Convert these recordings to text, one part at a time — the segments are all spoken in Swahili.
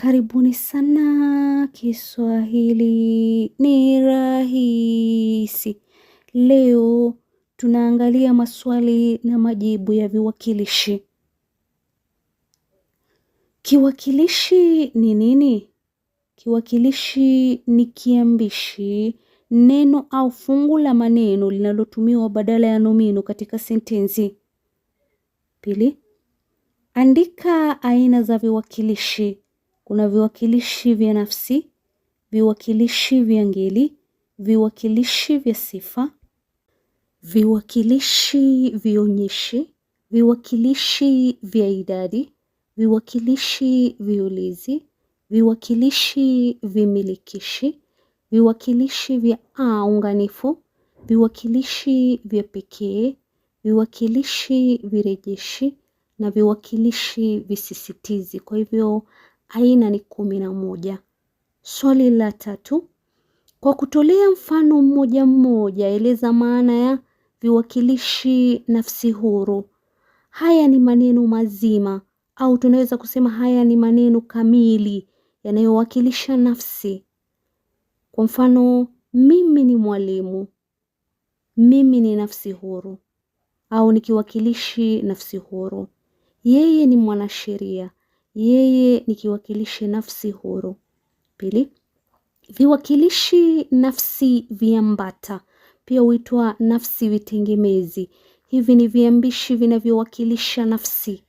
Karibuni sana Kiswahili ni rahisi. Leo tunaangalia maswali na majibu ya viwakilishi. Kiwakilishi ni nini? Kiwakilishi ni kiambishi, neno au fungu la maneno linalotumiwa badala ya nomino katika sentensi. Pili, andika aina za viwakilishi. Kuna viwakilishi vya nafsi, viwakilishi vya ngeli, viwakilishi vya sifa, viwakilishi vionyeshi, viwakilishi vya idadi, viwakilishi viulizi, viwakilishi vimilikishi, viwakilishi vya aunganifu, unganifu, viwakilishi vya pekee, viwakilishi virejeshi na viwakilishi visisitizi. Kwa hivyo aina ni kumi na moja. Swali la tatu, kwa kutolea mfano mmoja mmoja, eleza maana ya viwakilishi nafsi huru. Haya ni maneno mazima au tunaweza kusema haya ni maneno kamili yanayowakilisha nafsi. Kwa mfano, mimi ni mwalimu, mimi ni nafsi huru au ni kiwakilishi nafsi huru. Yeye ni mwanasheria, yeye ni kiwakilishi nafsi huru. Pili, viwakilishi nafsi viambata pia huitwa nafsi vitengemezi. Hivi ni viambishi vinavyowakilisha nafsi.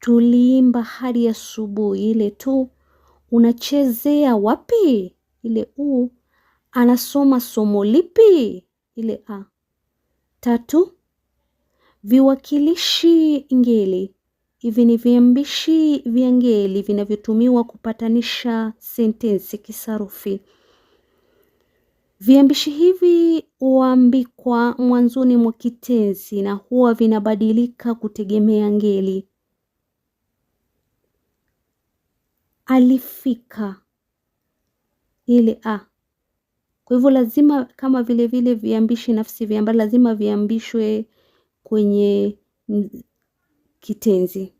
Tuliimba hadi asubuhi, ile tu. Unachezea wapi? Ile u. Anasoma somo lipi? Ile a. Tatu, viwakilishi ngeli Hivi ni viambishi vya ngeli vinavyotumiwa kupatanisha sentensi kisarufi. Viambishi hivi huambikwa mwanzoni mwa kitenzi na huwa vinabadilika kutegemea ngeli. Alifika ile a. Kwa hivyo lazima kama vile vile viambishi nafsi viambato lazima viambishwe kwenye kitenzi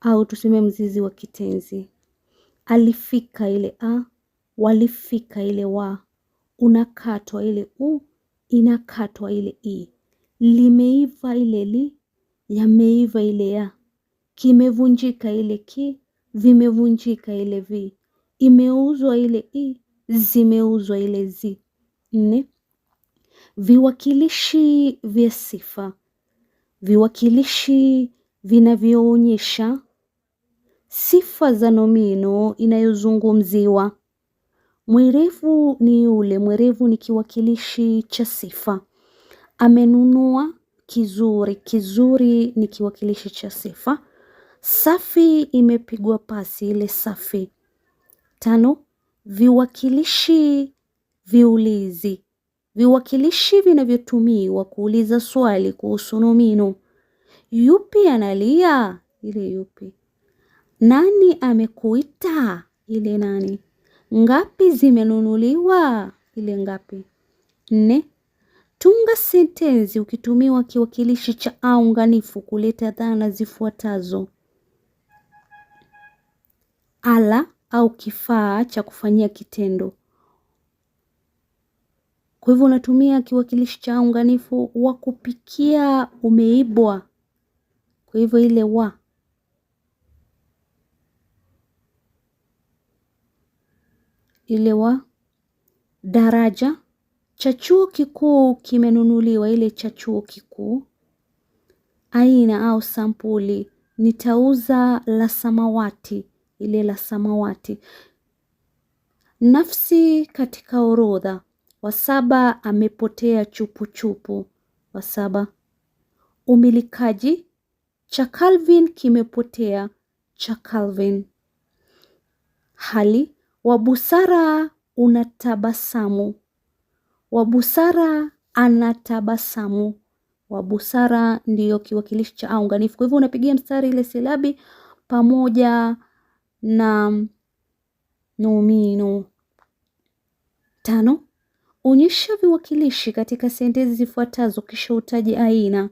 au tuseme mzizi wa kitenzi. Alifika ile a, walifika ile wa, unakatwa ile u, inakatwa ile i. Limeiva ile li, yameiva ile ya. Kimevunjika ile ki, vimevunjika ile vi. Imeuzwa ile i, zimeuzwa ile zi. Nne, Viwakilishi vya sifa: viwakilishi vinavyoonyesha sifa za nomino inayozungumziwa. Mwerevu ni yule. Mwerevu ni kiwakilishi cha sifa. Amenunua kizuri. Kizuri ni kiwakilishi cha sifa. Safi imepigwa pasi, ile safi. Tano, viwakilishi viulizi: viwakilishi vinavyotumiwa kuuliza swali kuhusu nomino. Yupi analia? Ile yupi. Nani amekuita? Ile nani. Ngapi zimenunuliwa? Ile ngapi. Nne, tunga sentensi ukitumiwa kiwakilishi cha aunganifu kuleta dhana zifuatazo: ala au kifaa cha kufanyia kitendo, kwa hivyo unatumia kiwakilishi cha unganifu wa kupikia umeibwa. Kwa hivyo ile wa ile wa daraja cha chuo kikuu kimenunuliwa, ile cha chuo kikuu. Aina au sampuli, nitauza la samawati, ile la samawati. Nafsi katika orodha, Wasaba amepotea chupuchupu. Wasaba. Umilikaji cha Calvin kimepotea cha Calvin. Hali wa busara unatabasamu. Wa busara anatabasamu. Wa busara ndiyo kiwakilishi cha aunganifu. Kwa hivyo unapigia mstari ile silabi pamoja na nomino. Tano, Onyesha viwakilishi katika sentensi zifuatazo kisha utaje aina.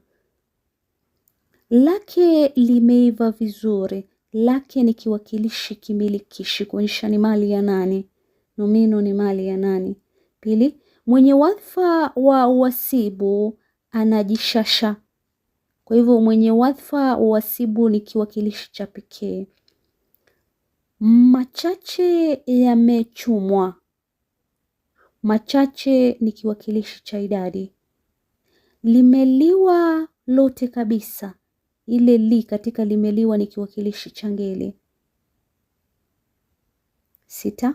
Lake limeiva vizuri. Lake ni kiwakilishi kimilikishi kuonyesha ni mali ya nani. Nomino ni mali ya nani. Pili, mwenye wadhifa wa uhasibu anajishasha. Kwa hivyo mwenye wadhifa wa uhasibu ni kiwakilishi cha pekee. Machache yamechumwa machache ni kiwakilishi cha idadi. Limeliwa lote kabisa, ile li katika limeliwa ni kiwakilishi cha ngeli. Sita,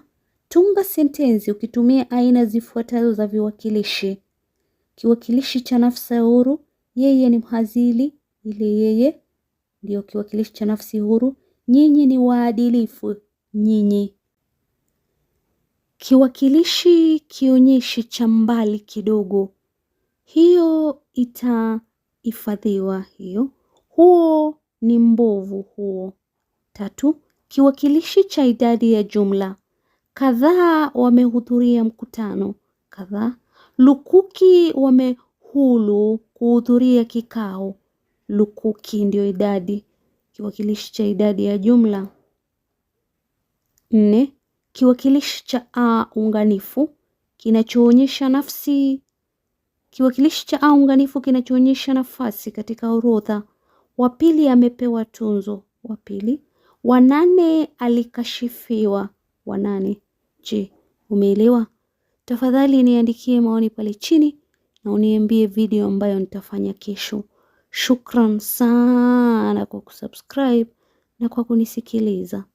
tunga sentensi ukitumia aina zifuatazo za viwakilishi. Kiwakilishi cha nafsi huru, yeye ni mhazili, ile yeye ndiyo kiwakilishi cha nafsi huru. Nyinyi ni waadilifu, nyinyi Kiwakilishi kionyeshi cha mbali kidogo, hiyo itahifadhiwa hiyo. Huo ni mbovu huo. Tatu, kiwakilishi cha idadi ya jumla, kadhaa wamehudhuria mkutano, kadhaa. Lukuki wamehulu kuhudhuria kikao, lukuki ndio idadi, kiwakilishi cha idadi ya jumla. Nne, Kiwakilishi cha a unganifu kinachoonyesha nafsi. Kiwakilishi cha a unganifu kinachoonyesha nafasi katika orodha. Wa pili amepewa tunzo. Wa pili. Wa nane alikashifiwa. Wa nane. Je, umeelewa? Tafadhali niandikie maoni pale chini na uniambie video ambayo nitafanya kesho. Shukran sana kwa kusubscribe na kwa kunisikiliza.